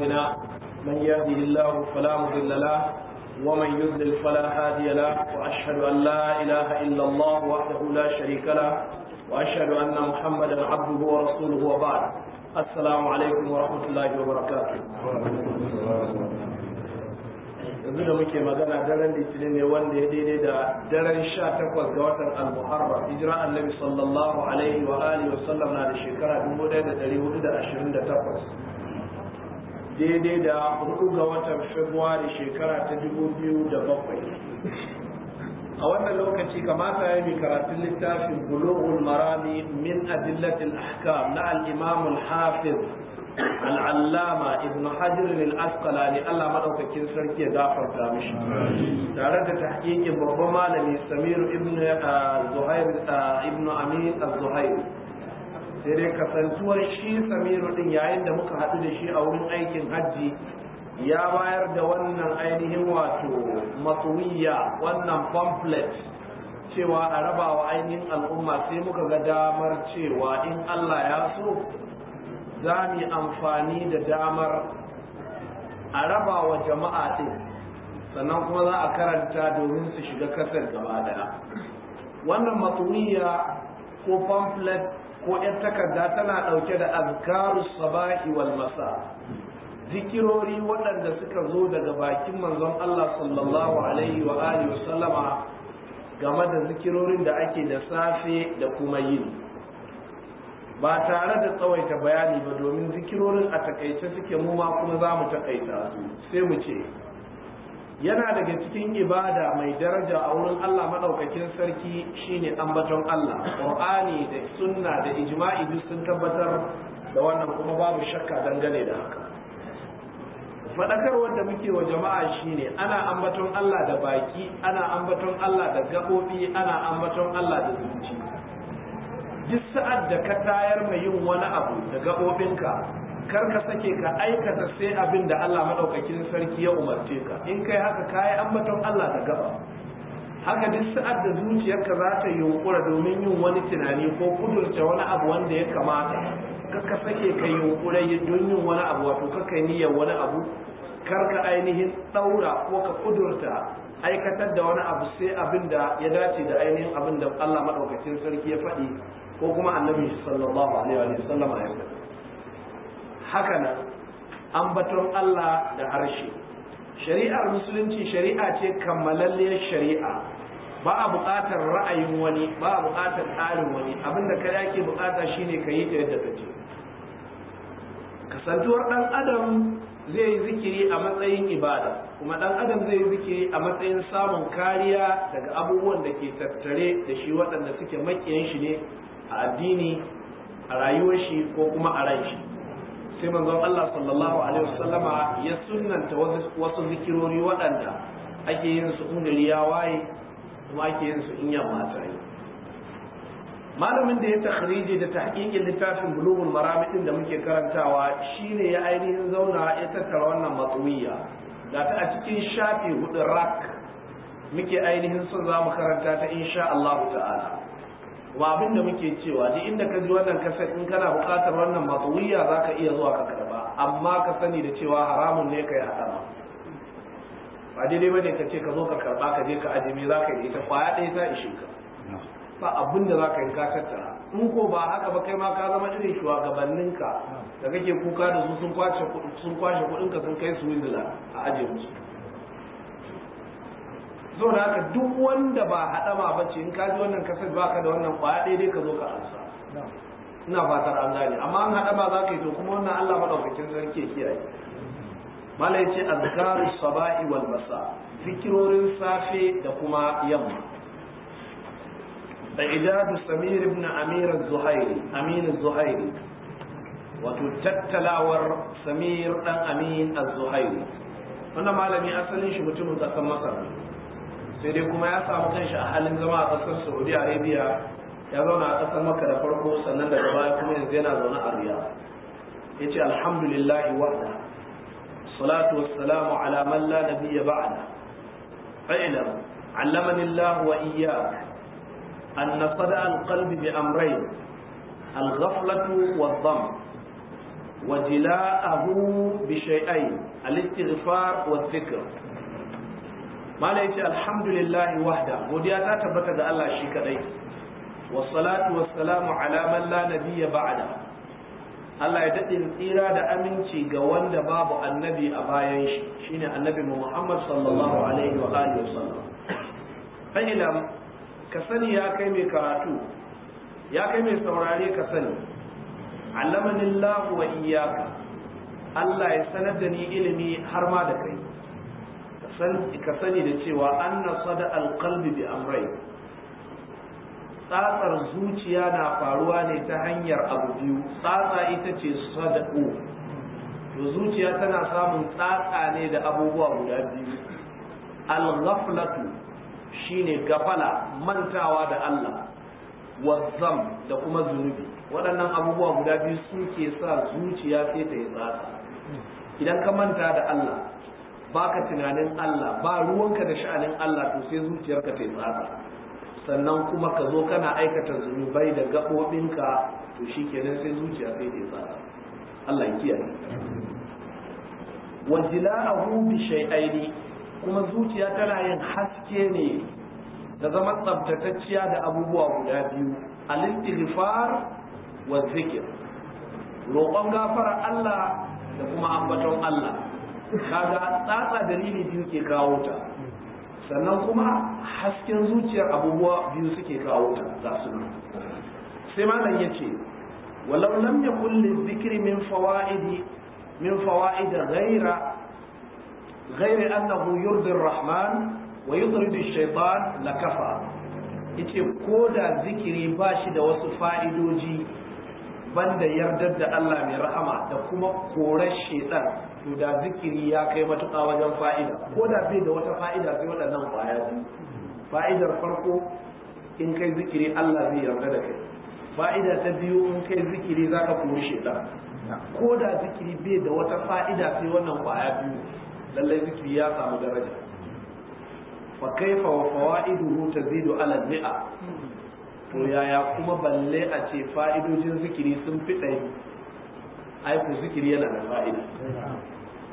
بنا من يهده الله فلا مضل له ومن يضلل فلا هادي له واشهد ان لا اله الا الله وحده لا شريك له واشهد ان محمدا عبده ورسوله وبعد السلام عليكم ورحمه الله وبركاته yanzu da muke magana daren litinin ne wanda ya daidai da daren sha takwas ga watan al-muharram hijira annabi sallallahu alaihi wa alihi wa sallam na da shekara 1428 daidai da hudu ga watan februari shekara ta dubu biyu da bakwai a wannan lokaci kamata ya yi karatun littafin bulughul marami min adillatil ahkam na al-imam al-hafiz al'allama ibn hajar al-asqalani Allah madaukakin sarki ya gafarta mishi tare da tahqiqin babban malami samir ibn eh, zuhair eh, ibn amin az-zuhair sai dai kasantuwar shi samiru din yayin da muka haɗu da shi a wurin aikin hajji ya bayar da wannan ainihin wato matsuwiya wannan pamphlet cewa a raba wa ainihin al'umma sai muka ga damar cewa in Allah ya so za mu amfani da damar a raba wa jama'a ɗin sannan kuma za a karanta domin su shiga kasar gaba daya wannan matsuwiya ko pamphlet ko ‘yan takarda tana ɗauke da azkarus sabahi wal masa zikirori waɗanda suka zo daga bakin manzon Allah sallallahu alaihi wa wa sallama game da zikirorin da ake da safe da kuma yini ba tare da tsawaita bayani ba domin zikirorin a takaice suke mu ma kuma za mu takaita su sai mu ce yana daga cikin ibada mai daraja a wurin Allah madaukakin sarki shine ambaton Allah Qur'ani da sunna da ijma'i duk sun tabbatar da wannan kuma babu shakka dangane da haka fadakar wanda muke wa jama'a shine ana ambaton Allah da baki ana ambaton Allah da gabobi ana ambaton Allah da zuciya duk sa'ad da ka tayar mai yin wani abu da gabobinka kar ka sake ka aikata sai abin da Allah madaukakin sarki ya umarce ka in kai haka kayi ambaton Allah da gaba haka duk sa'ad da zuciyarka za ta yunkura domin yin wani tunani ko kudurce wani abu wanda ya kamata ka sake ka yunkura don yin wani abu wato kai niyyar wani abu kar ka ainihin daura ko ka kudurta aikatar da wani abu sai abin da ya dace da ainihin abin da Allah madaukakin sarki ya faɗi ko kuma annabi sallallahu alaihi wa sallam ya haka nan an ambaton Allah da harshe shari'ar musulunci shari'a ce kammalalliyar shari'a ba a buƙatar ra'ayin wani ba a buƙatar tsarin wani abinda ka yake buƙata shine ka yi ta yadda ka ce kasantuwar ɗan adam zai yi zikiri a matsayin ibada kuma ɗan adam zai yi zikiri a matsayin samun kariya daga abubuwan da ke tattare da shi waɗanda suke makiyan shi ne a addini a rayuwar shi ko kuma a ran shi sai manzon Allah sallallahu alaihi ya sunnanta wasu zikirori waɗanda ake yin su in gari waye kuma ake yin su in yamma ta malamin da ya takhrije da tahqiqin littafin bulughul marami din da muke karantawa shine ya ainihin zauna ya tattara wannan matsuwiya ga ta a cikin shafi hudu rak muke ainihin son za mu karanta ta insha Allah ta'ala wa abin da muke cewa duk inda ka ji wannan kasar in kana bukatar wannan matsuwiya za ka iya zuwa ka karba amma ka sani da cewa haramun ne ka yi hadama ba daidai bane ka ce ka zo ka karba ka je ka ajiye za ka yi ita kwaya ɗaya ta ishe ka ba abin da za ka yi ka tattara in ko ba haka ba kai ma ka zama irin ka da kake kuka da su sun kwashe kuɗinka sun kai su wizila a ajiye musu zo na haka duk wanda ba haɗama ba ce in ka ji wannan kasar ba ka da wannan ƙwaya daidai ka zo ka ansa ina fatar an gane amma an haɗama za ka yi to kuma wannan allah maɗaukakin sarki ya kiyaye malai ce azkaru saba'i wal masa zikirorin safe da kuma yamma إعداد zuhairi amin أمير zuhairi wato tattalawar samir dan amin أمين zuhairi wannan malami asalin shi mutumin ƙasar masar sai dai kuma ya samu kanshi a halin zama a ƙasar saudi arabia ya zauna a ƙasar maka da farko sannan daga baya kuma yanzu yana zaune a riya ya ce alhamdulillahi wa'ada salatu wassalamu ala man la nabiyya ba'da fa'ilam علمني الله وإياك أن صدأ القلب بأمرين الغفلة والضم وجلاءه بشيئين wa والذكر mala yace alhamdulillahi wahda godiya ta tabbata ga Allah shi kadai wassalatu wassalamu ala man la nabiyya ba'da Allah ya daɗin tsira da aminci ga wanda babu annabi a bayan shi shine annabi Muhammad sallallahu alaihi wa alihi wasallam fahilam ka sani ya kai mai karatu ya kai mai saurare ka sani allamani Allah wa iyyaka Allah ya sanar da ni ilimi har ma da kai ka sani da cewa anna sada alqalbi bi amrai tsatsar zuciya na faruwa ne ta hanyar abu biyu tsatsa ita ce sada'u to zuciya tana samun tsatsa ne da abubuwa guda biyu alghaflatu shine gafala mantawa da Allah wazzam da kuma zunubi waɗannan abubuwa guda biyu suke sa zuciya sai ta yi tsatsa idan ka manta da Allah baka tunanin Allah ba ruwanka da sha'anin Allah to sai zuciyarka ta yi sannan kuma ka zo kana aikata zunubai da gaɓoɓinka to shi kenan sai zuciya sai ta yi Allah ya kiyaye wajila'ahu bi shay'aini kuma zuciya tana yin haske ne da zama tsabtatacciya da abubuwa guda biyu al-istighfar wa zikr roƙon gafara Allah da kuma ambaton Allah kaga tsatsa dalili biyu ke kawo ta sannan kuma hasken zuciyar abubuwa biyu suke kawo ta za su nan sai malam ya ce walau lam yakul zikiri, min fawaidi min fawa'ida ghaira ghaira annahu yurdi rahman wa yudrid ash-shaytan lakafa yace ko da zikiri ba shi da wasu fa'idoji banda yardar da Allah mai rahama da kuma korar shaitan to da zikiri ya kai matuƙa wajen fa'ida ko da bai da wata fa'ida sai waɗannan ƙwaya fa'idar farko in kai zikiri Allah zai yarda da kai fa'ida ta biyu in kai zikiri za ka shi shaitan ko da zikiri bai da wata fa'ida sai wannan ƙwaya biyu lallai zikiri ya samu daraja fa kaifa wa fawaiduhu tazidu ala mi'a to yaya kuma balle a ce fa'idojin zikiri sun fi ɗari Aiku zikiri yana da fa'ida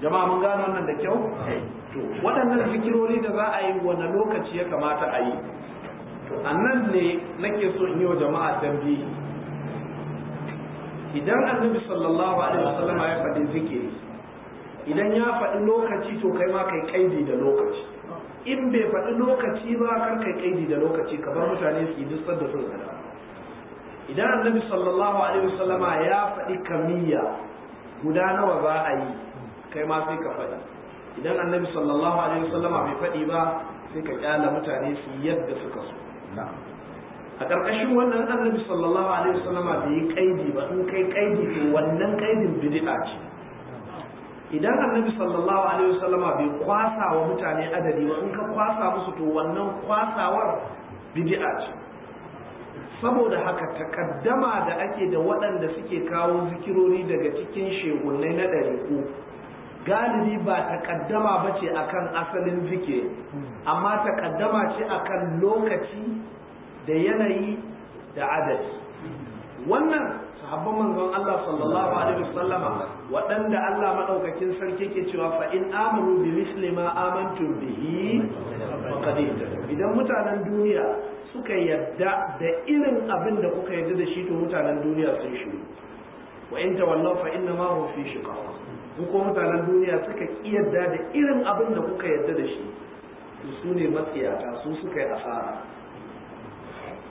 jama'a mun gano wannan da kyau to waɗannan zikirori da za a yi wani lokaci ya kamata a yi to annan ne nake so in yi wa jama'a tambihi idan annabi sallallahu alaihi wasallama ya faɗi zikiri idan ya faɗi lokaci to kai ma kai kaidi da lokaci in bai faɗi lokaci ba kar kai kaidi da lokaci kamar mutane su yi duk sanda sun gada idan annabi sallallahu alaihi wasallama ya faɗi kamiyya guda nawa za a yi kai ma sai ka faɗi idan annabi sallallahu alaihi wasallama bai faɗi ba sai ka kyala mutane su yadda suka so a ƙarƙashin wannan annabi sallallahu alaihi wasallama bai yi kaidi ba in kai kaidi to wannan kaidin bid'a ce idan annabi sallallahu alaihi wasallama bai kwasa wa mutane adadi ba in ka kwasa musu to wannan kwasawar bid'a ce saboda haka takaddama da ake da waɗanda suke kawo zikirori daga cikin shegunai na ɗari ɗariƙo galibi ba takaddama ba ce akan asalin zikiri amma takaddama ce a kan lokaci da yanayi da adadi wannan sahabban manzon Allah sallallahu alaihi wasallama waɗanda Allah madaukakin sarki ke cewa fa in amuru bi ma bihi faqad idan mutanen duniya suka yadda da irin abin da kuka yadda da shi to mutanen duniya sun shi wa in tawallaw fa inna ma hum fi shiqaq ku ko mutanen duniya suka yadda da irin abin da kuka yadda da shi to su ne matsiyata su suka yi asara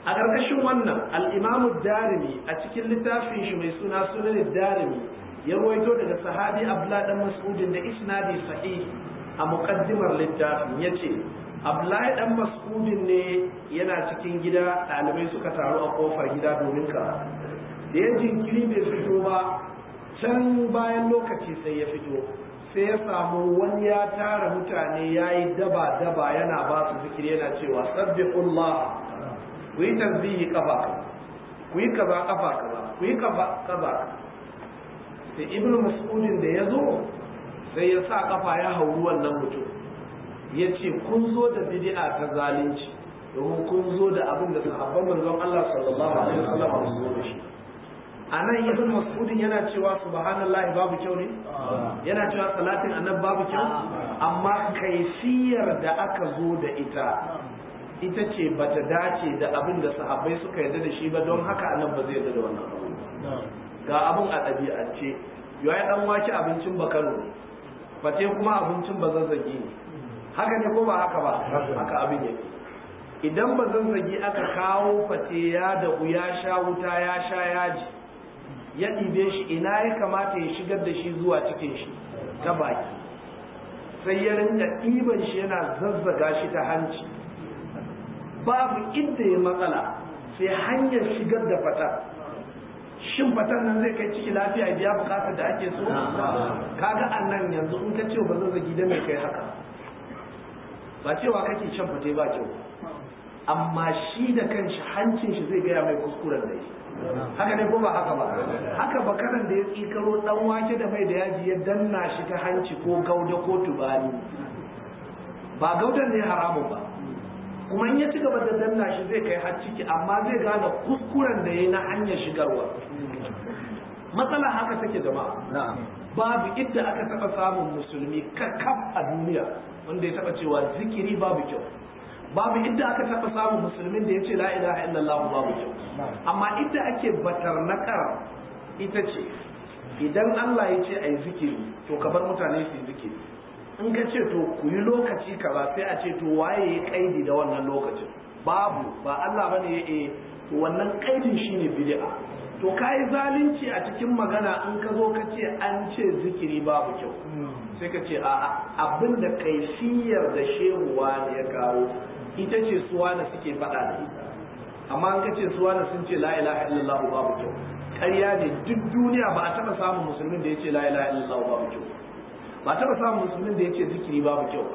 a ƙarƙashin wannan al'imamu Darimi a cikin littafin shi mai suna Sunan Darimi ya ruwaito daga sahabi Abdullah dan Mas'udin da isnadi sahih a muqaddimar littafin yace abdullahi dan mas'udin ne yana cikin gida ɗalibai suka taru a kofar gida domin ka. da ya jinkiri bai fito ba can bayan lokaci sai ya fito sai ya samu wani ya tara mutane ya yi daba daba yana ba su zikiri yana cewa sabbihullah ku yi tasbihi kafa ku yi kaza kafa kaza ku yi kaza kaza sai ibnu mas'udin da ya zo sai ya sa kafa ya hauri wannan mutum ya ce kun zo da bid'a ta zalunci domin kun zo da abin da sahabban manzon Allah sallallahu alaihi wasallam ba zo da shi anan ibn mas'ud yana cewa subhanallahi babu kyau ne yana cewa salatin annab babu kyau amma kaifiyar da aka zo da ita ita ce bata dace da abin da sahabbai suka yarda da shi ba don haka annab ba zai yarda da wannan abu ga abin a ɗabi'ance ce ya dan wace abincin bakaro ne fate kuma abincin bazazzagi ne haka ne ko ba haka ba haka abin yake idan ba zagi aka kawo fate ya da ya sha wuta ya sha yaji ya ɗibe shi ina ya kamata ya shigar da shi zuwa cikin shi ta baki sai ya rinka ɗiban shi yana zazzaga shi ta hanci babu inda ya matsala sai hanyar shigar da fatar shin fatar nan zai kai ciki lafiya biya bukatar da ake so kaga annan yanzu in ka ce ba zazzagi da mai kai haka ba cewa kake can fate ba kyau amma shi da kanshi hancin shi zai gaya mai kuskuren da shi haka ne ko ba haka ba haka ba, bakaran da ya tsikaro dan wake da mai da yaji ya danna shi ta hanci ko gauda ko tubani ba gaudan ne haramun ba kuma in ya ci gaba da danna shi zai kai har ciki amma zai gane kuskuren da yayi na hanyar shigarwa matsala haka take jama'a babu idda aka taba samun musulmi kakkaf a duniya wanda ya taba cewa zikiri babu kyau babu idda aka taba samun musulmin da ya ce la ilaha illallah babu kyau amma inda ake batar ita ce idan Allah ya ce ayi zikiri to ka bar mutane su yi zikiri in ka ce to ku yi lokaci ba sai a ce to waye ya kaidi da wannan lokacin babu ba Allah bane ya eh to wannan kaidin shine bid'a to kai zalunci a cikin magana in ka zo ka ce an ce zikiri babu kyau sai ka ce a abin da kaifiyar da shehuwa ne ya kawo ita ce suwa na suke faɗa da ita amma an kace suwa na sun ce la ilaha illallah babu kyau ƙarya ne duk duniya ba a taɓa samun musulmin da ya ce la ilaha illallah babu kyau ba a taɓa samun musulmin da ya ce zikiri babu kyau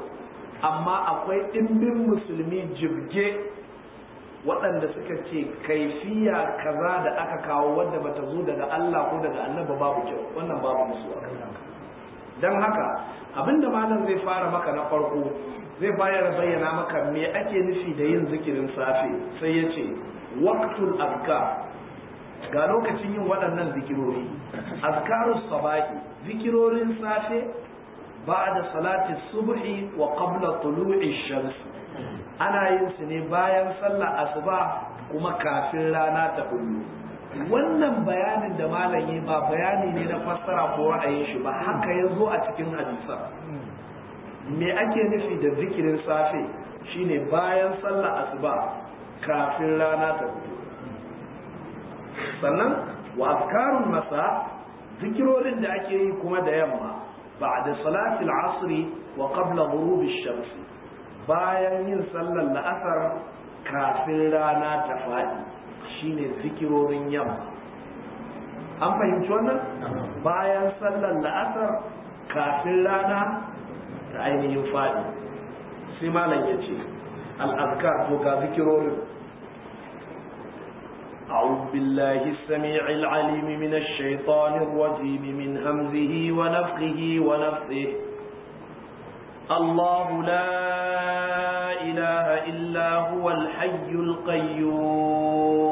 amma akwai ɗimbin musulmi jibge waɗanda suka ce kaifiya kaza da aka kawo wadda bata zo daga Allah ko daga ba babu kyau wannan babu musu a kan don haka abinda malam zai fara maka na farko zai bayar bayyana maka me ake nufi da yin zikirin safe sai yace, ce waqtul azka ga lokacin yin waɗannan zikirori azkarus sabahi zikirorin safe da salati subhi wa qabla tulu'i shams ana yin su ne bayan sallah asuba kuma kafin rana ta kullu wannan bayanin da malam malami ba bayani ne na fassara ko ra'ayin shi ba haka ya zo a cikin hadisa me ake nufi da zikirin safe shine bayan sallah asuba kafin rana ta fito sannan wa azkarun masa zikirorin da ake yi kuma da yamma ba'da salatil asri wa qabla ghurubi shams bayan yin sallar la'asar kafin rana ta fadi shine zikirorin yamma an fahimci wannan bayan sallar la'asar kafin rana ta ainihin fadi sai malam ya ce al'azkar to ga zikirorin أعوذ بالله السميع العليم من الشيطان الرجيم من همزه ونفخه ونفثه الله لا إله إلا هو الحي القيوم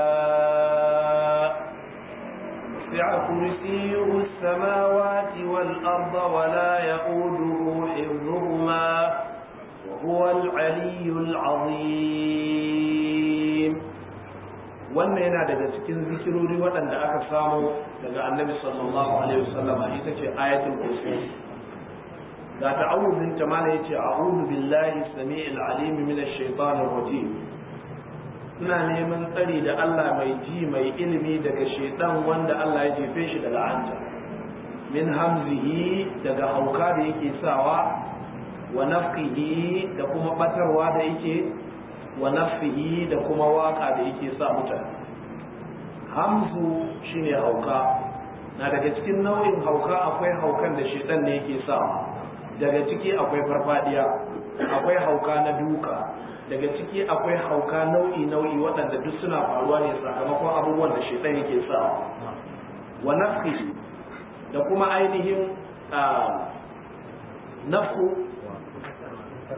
وسع كرسيه السماوات والأرض ولا يقوده حفظهما وهو العلي العظيم wannan yana daga cikin zikirori waɗanda aka samu daga annabi sallallahu alaihi a ita ce ayatul kursi ga ta'awudin ta mana yace a'udhu billahi samii'il alim minash shaitanir rajim ina neman tsari da Allah mai ji mai ilimi daga shaitan wanda Allah ya jefe shi daga hanta. min hamzihi daga hauka da yake sawa wa nafkihi da kuma batarwa da yake wa nafihi da kuma waka da yake sa mutane hamzu shine hauka na daga cikin nau'in hauka akwai haukan da shaitan ne yake sawa daga ciki akwai farfadiya akwai hauka na duka daga ciki akwai hauka nau'i nau'i waɗanda duk suna faruwa ne sakamakon abubuwan da shaitan yake sa wa nafi da kuma ainihin nafku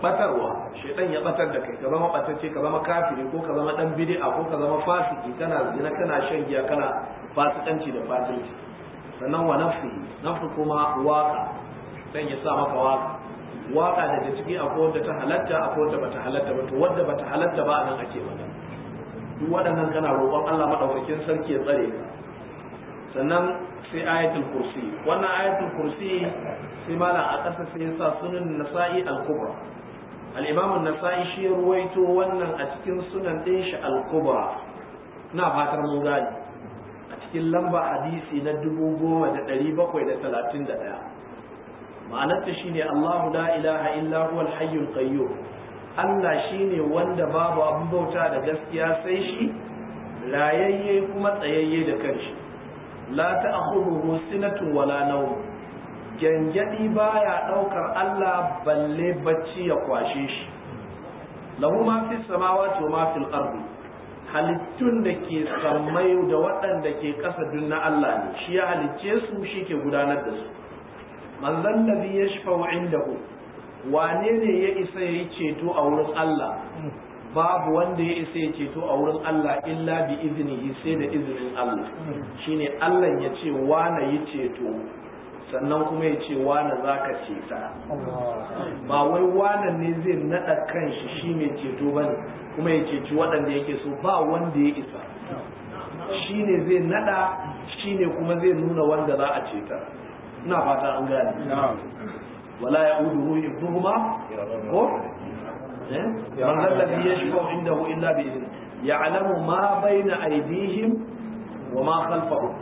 batarwa shaitan ya batar da kai ka zama batacce ka zama kafiri ko ka zama dan bid'a ko ka zama fasiki kana zina kana shan giya kana fasikanci da fasikanci sannan wa nafi nafsu kuma waka dan ya sa maka waka waka da ciki a wadda ta halatta a wadda bata halatta ba to wadda bata halatta ba a nan ake mata duk waɗannan kana roƙon Allah madaukakin sarki ya tsare ka sannan sai ayatul kursi wannan ayatul kursi sai malam a ƙasa sai yasa sunan nasa'i al-kubra al-imam an-nasa'i shi ruwaito wannan a cikin sunan din shi al-kubra na fatar mun gani a cikin lamba hadisi na ɗaya. ma'anarta shi ne Allahu la ilaha illa huwal hayyul qayyum Allah shi ne wanda babu abin bauta da gaskiya sai shi rayayye kuma tsayayye da kanshi la ta'khudhuhu sinatun wala nawm gangadi baya daukar Allah balle bacci ya kwashe shi lahu ma fi samawati wa ma fil ardi halittun da ke sammai da waɗanda ke ƙasa dun na Allah ne shi ya halicce su shi ke gudanar da su manzan wa inda indahu wane ne ya isa yayi ceto a wurin Allah babu wanda ya isa ya ceto a wurin Allah illa bi iznihi sai da izinin Allah shine Allah ya ce wane yi ceto sannan kuma ya ce wane za ka ceta ba wai wane ne zai naɗa kan shi shi mai ceto ba ne kuma ya ceci waɗanda yake so ba wanda ya isa shi ne zai naɗa shi ne kuma zai nuna wanda za a ceta ina fata an gane wala ya'uduhu ibduhuma ko eh? man alladhi yashfa'u indahu illa bi idhni ya'lamu ma bayna aydihim wa ma khalfahum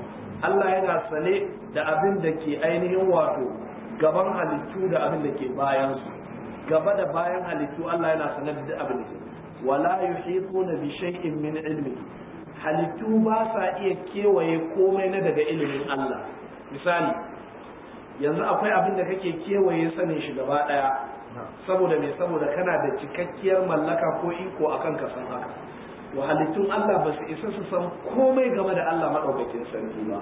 Allah yana sane da abin da ke ainihin wato gaban halittu da abin da ke bayan su gaba da bayan halittu Allah yana sane da abin da ke wala yuhituna bi shay'in min ilmi halittu ba sa iya kewaye komai na daga ilimin Allah misali yanzu akwai abin da kake kewaye sanin shi gaba daya saboda me saboda kana da cikakkiyar mallaka ko iko akan ka san haka wa Allah ba su isa su san komai game da Allah madaukakin sarki ba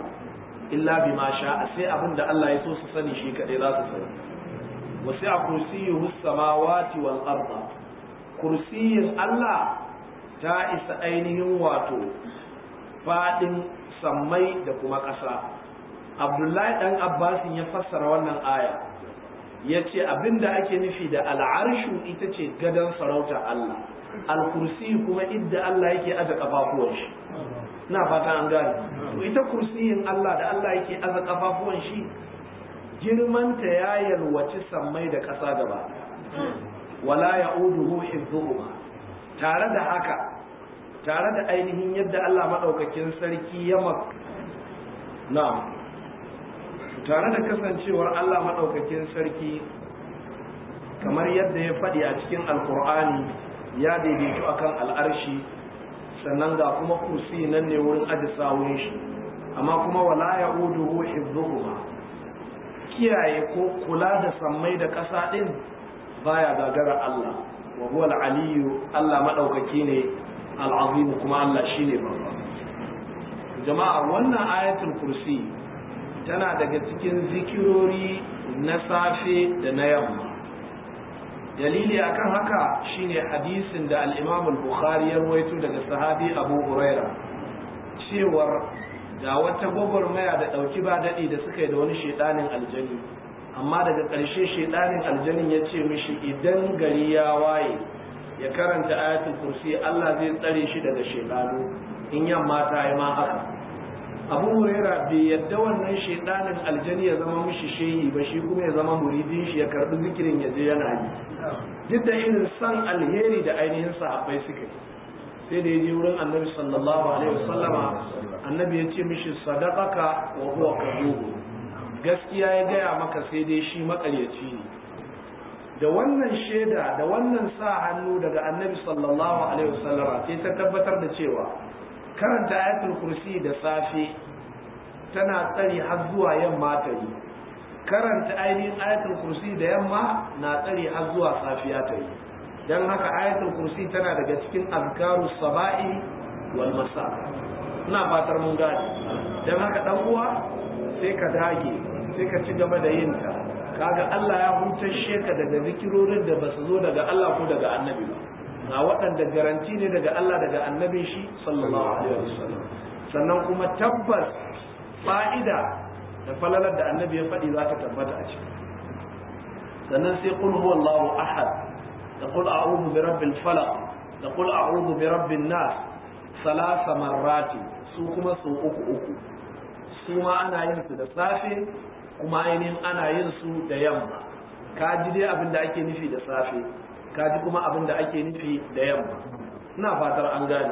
illa bi ma sha'a sai abin da Allah ya so su sani shi kadai za su sani wasi'a kursiyuhu samawati wal arda kursiyin Allah ta isa ainihin wato fadin sammai da kuma ƙasa abdullahi dan Abbas ya fassara wannan aya ya ce abinda ake nufi da al'arshu ita ce gadon sarauta Allah al-kursi kuma idda Allah yake aza kafafuwan shi na fata an gane to ita kursiyin Allah da Allah yake aza kafafuwan shi girmanta ya yalwaci sammai da ƙasa gaba wala ya'uduhu hifdhuhuma tare da haka tare da ainihin yadda Allah madaukakin sarki ya mak na'am tare da kasancewar Allah maɗaukakin sarki kamar yadda ya faɗi a cikin alkur'ani ya daidaitu kan al'arshi sannan ga kuma kursi nan ne wurin aji sawun shi amma kuma wala ya uduhu kiyaye ko kula da sammai da ƙasa ɗin baya gagara Allah wa huwa al-aliyyu Allah madaukaki ne al kuma Allah shine babba jama'a wannan ayatul kursi tana daga cikin zikirori na safe da na yamma dalili akan haka shine hadisin da al-Imam al-Bukhari ya rawaito daga sahabi Abu Huraira cewa ga wata gwagwarmaya da dauki ba dadi da suka yi da wani shedanin aljani amma daga ƙarshe shedanin aljanin ya ce mishi idan gari ya waye ya karanta ayatul kursi Allah zai tsare shi daga shedanu in yamma ta yi ma haka abu huraira bai yadda wannan shaidanin aljani ya zama mishi shehi ba shi kuma ya zama muridin shi ya karbi zikirin ya je yana yi duk da irin san alheri da ainihin sahabbai suka yi sai da ya je wurin annabi sallallahu alaihi wasallama annabi ya ce mishi sadaqaka wa huwa gaskiya ya gaya maka sai dai shi makaryaci ne da wannan shaida da wannan sa hannu daga annabi sallallahu alaihi wasallama sai ta tabbatar da cewa karanta ayatul kursi da safe tana tsari har zuwa yamma ta yi karanta ainihin ayatul kursi da yamma na tsari har zuwa safiya ta yi don haka ayatul kursi tana daga cikin azkaru saba'i wal masa ina fatar mun gane don haka dan uwa sai ka dage sai ka ci gaba da yin ta kaga Allah ya hutar sheka daga zikirorin da basu zo daga Allah ko daga annabi ba Na waɗanda garanti ne daga Allah daga annabin shi sallallahu alaihi wasallam sannan kuma tabbas fa'ida da falalar da annabi ya faɗi za ta tabbata a ciki sannan sai qul huwallahu ahad da qul a'udhu bi rabbil falaq da qul a'udhu bi rabbin nas salasa marrati su kuma su uku uku su ma ana yin su da safe kuma ainihin ana yin su da yamma ka ji dai abin da ake nufi da safe kaji kuma abin da ake nufi da yamma ina fatar an gane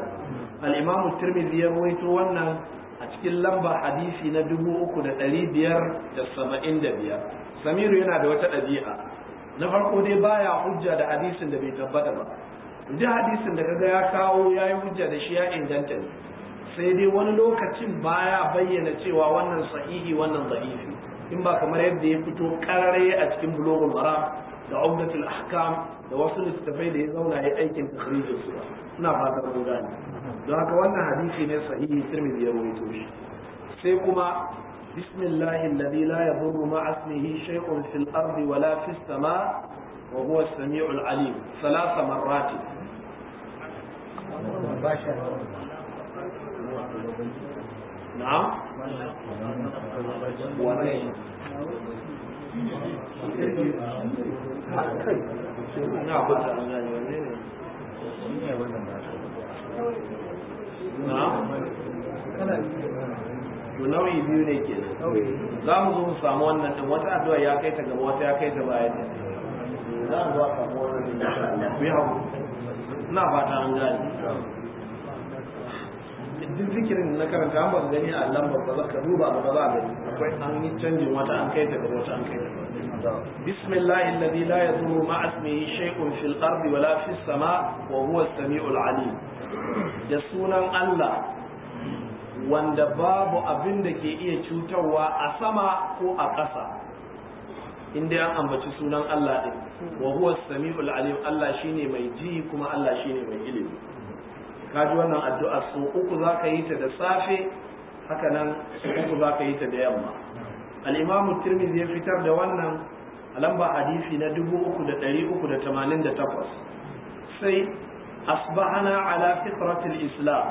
al-imam tirmidhi ya rawaito wannan a cikin lamba hadisi na 3575 samiru yana da wata ɗabi'a na farko dai baya hujja da hadisin da bai tabbata ba duk hadisin da kaga ya kawo yayi hujja da shi ya inganta ne sai dai wani lokacin baya bayyana cewa wannan sahihi wannan da'ifi in ba kamar yadda ya fito karare a cikin bulogul maram da umdatul ahkam da wasu littattafai da ya zauna ya aikin tasirin su ina fatan mun ne. don haka wannan hadisi ne sahihi tirmidhi ya rawaito shi sai kuma bismillahi alladhi la yadurru ma'a ismihi shay'un fil ardi wala fis sama wa huwa as-sami'ul alim thalatha marrat na'am nauyi biyu ne ke za mu zo mu samu wannan din wata addu'a ya kai ta gaba wata ya kai ta baya ne za mu zo a samu wannan din ku yi ina fata an duk zikirin na karanta an ba gani a lambar ba za ka duba ba za a gani akwai an yi canjin wata an kai ta gaba wata an kai ta baya بسم الله الذي لا يضر مع اسمه شيء في الأرض ولا في السماء وهو السميع العليم يسونا الله wanda babu abin da ke iya cutarwa a sama ko a ƙasa inda an ambaci sunan Allah ɗin wa huwa sami'ul alim Allah shine mai ji kuma Allah shine mai ilimi kaji wannan addu'a so uku zaka yi ta da safe haka nan so uku zaka yi ta da yamma al-imamu ya fitar da wannan a lamba hadisi na 3388 sai asbahana ala fitratil islam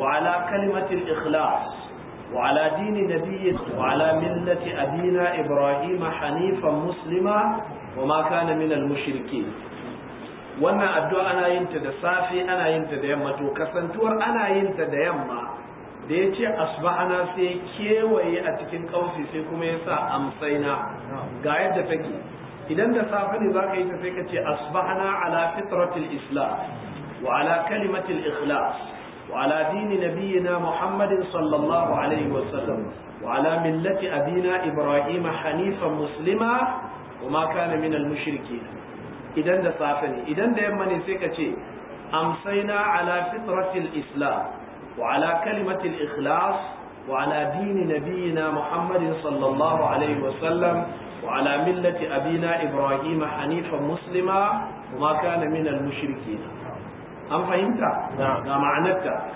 wa ala kalimatil ikhlas wa ala dini nabiyyi wa ala millati abina ibrahima hanifan muslima wa ma kana minal mushrikeen wannan addu'a ana yin ta da safe ana yin ta da yamma to kasantuwar ana yin ta da yamma da ya ce asba'ana sai ya kewaye a cikin kausi sai kuma ya sa amsaina ga yadda take idan da safe ne za ka yi ta sai ka ce ala fitratil islam wa ala kalimatul ikhlas wa ala dini nabiyyina muhammadin sallallahu alaihi wa sallam wa ala millati abina ibrahima hanifan muslima wa ma kana min al mushrikin idan da safe ne idan da yamma ne sai ka ce amsaina ala fitratil islam وعلى كلمة الإخلاص وعلى دين نبينا محمد صلى الله عليه وسلم وعلى ملة أبينا إبراهيم حنيفا مسلما وما كان من المشركين أم فهمت؟ نعم معناتها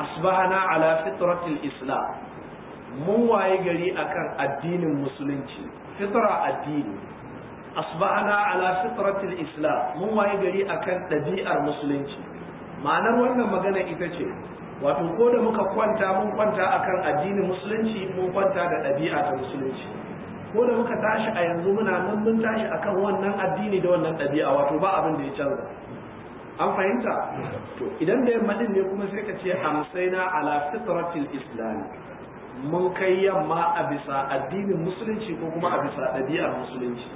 أصبحنا على فطرة الإسلام مو يجري أكان الدين المسلم فطرة الدين أصبحنا على فطرة الإسلام مو يجري أكان تبيئة المسلم ma'anar wannan magana ita ce wato ko da muka kwanta mun kwanta akan addinin musulunci mun kwanta da ɗabi'a ta musulunci ko da muka tashi a yanzu muna nan mun tashi akan wannan addini da wannan ɗabi'a wato ba abin da ya canza an fahimta to idan da yamma din ne kuma sai ka ce amsaina ala fitratil islam mun kai yamma a bisa addinin musulunci ko kuma a bisa ɗabi'ar musulunci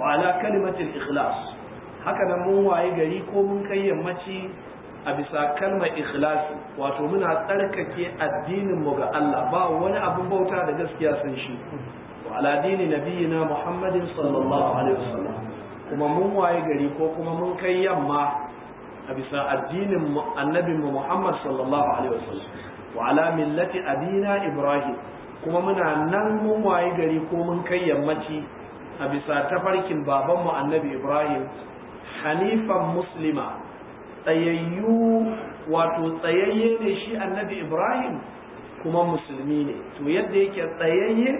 wa ala kalimatil ikhlas haka nan mun waye gari ko mun kai yammaci a bisa kalmar ikhlasi wato muna tsarkake addinin mu ga Allah ba wani abin bauta da gaskiya sun shi wa ala dini nabiyina Muhammadin sallallahu alaihi wasallam kuma mun waye gari ko kuma mun kai yamma a bisa addinin annabin mu Muhammad sallallahu alaihi wasallam wa ala millati abina Ibrahim kuma muna nan mun waye gari ko mun kai yammaci a bisa tafarkin babanmu annabi Ibrahim hanifan muslima tsayayyu wato tsayayye ne shi annabi ibrahim kuma musulmi ne to yadda yake tsayayye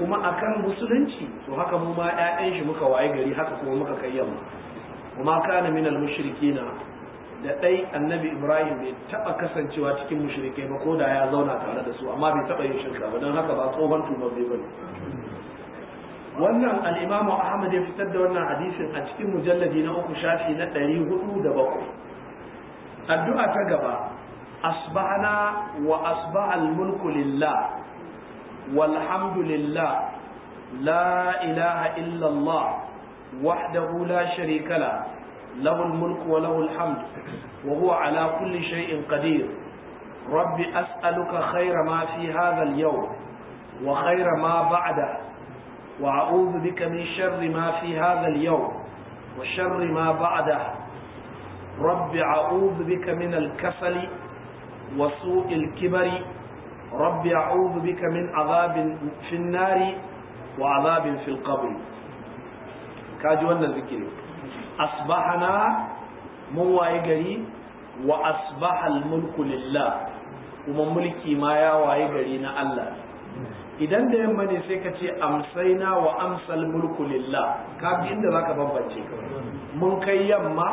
kuma akan musulunci to haka mu ma 'ya'yan shi muka waye gari haka kuma muka kai yamma kuma kana minal mushrikina da ɗai annabi ibrahim bai taɓa kasancewa cikin mushrikai ba ko da ya zauna tare da su amma bai taɓa yin shirka ba don haka ba tsohon tuba bai bane wannan al'imamu ahmad ya fitar da wannan hadisin a cikin mujalladi na uku shafi na ɗari hudu da bakwai addu'a ta gaba asbahana wa asba'al mulku lillah walhamdulillah la ilaha illallah wahdahu la sharika la lahu mulku wa lahu hamd wa huwa ala kulli shay'in qadir rabbi as'aluka khayra ma fi hadha al-yawm wa khayra ma ba'dahu وأعوذ بك من شر ما في هذا اليوم وشر ما بعده رب أعوذ بك من الكسل وسوء الكبر رب أعوذ بك من عذاب في النار وعذاب في القبر كاجوانا ذكر أصبحنا مو يجري وأصبح الملك لله ومملكي ما يا الله idan da yamma ne sai ka ce amsaina wa amsal mulku lillah ka bi inda zaka bambance ka mun kai yamma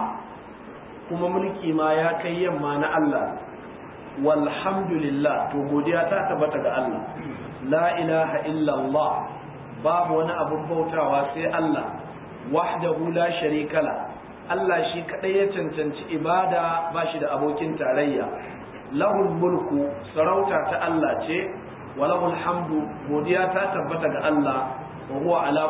kuma mulki ma ya kai yamma na Allah walhamdulillah to godiya ta tabbata ga Allah la ilaha illallah babu wani abun bautawa sai Allah wahdahu la sharika la Allah shi kadai ya cancanci ibada bashi da abokin tarayya lahul mulku sarauta ta Allah ce wa lahul hamdu godiya ta tabbata ga Allah wa huwa ala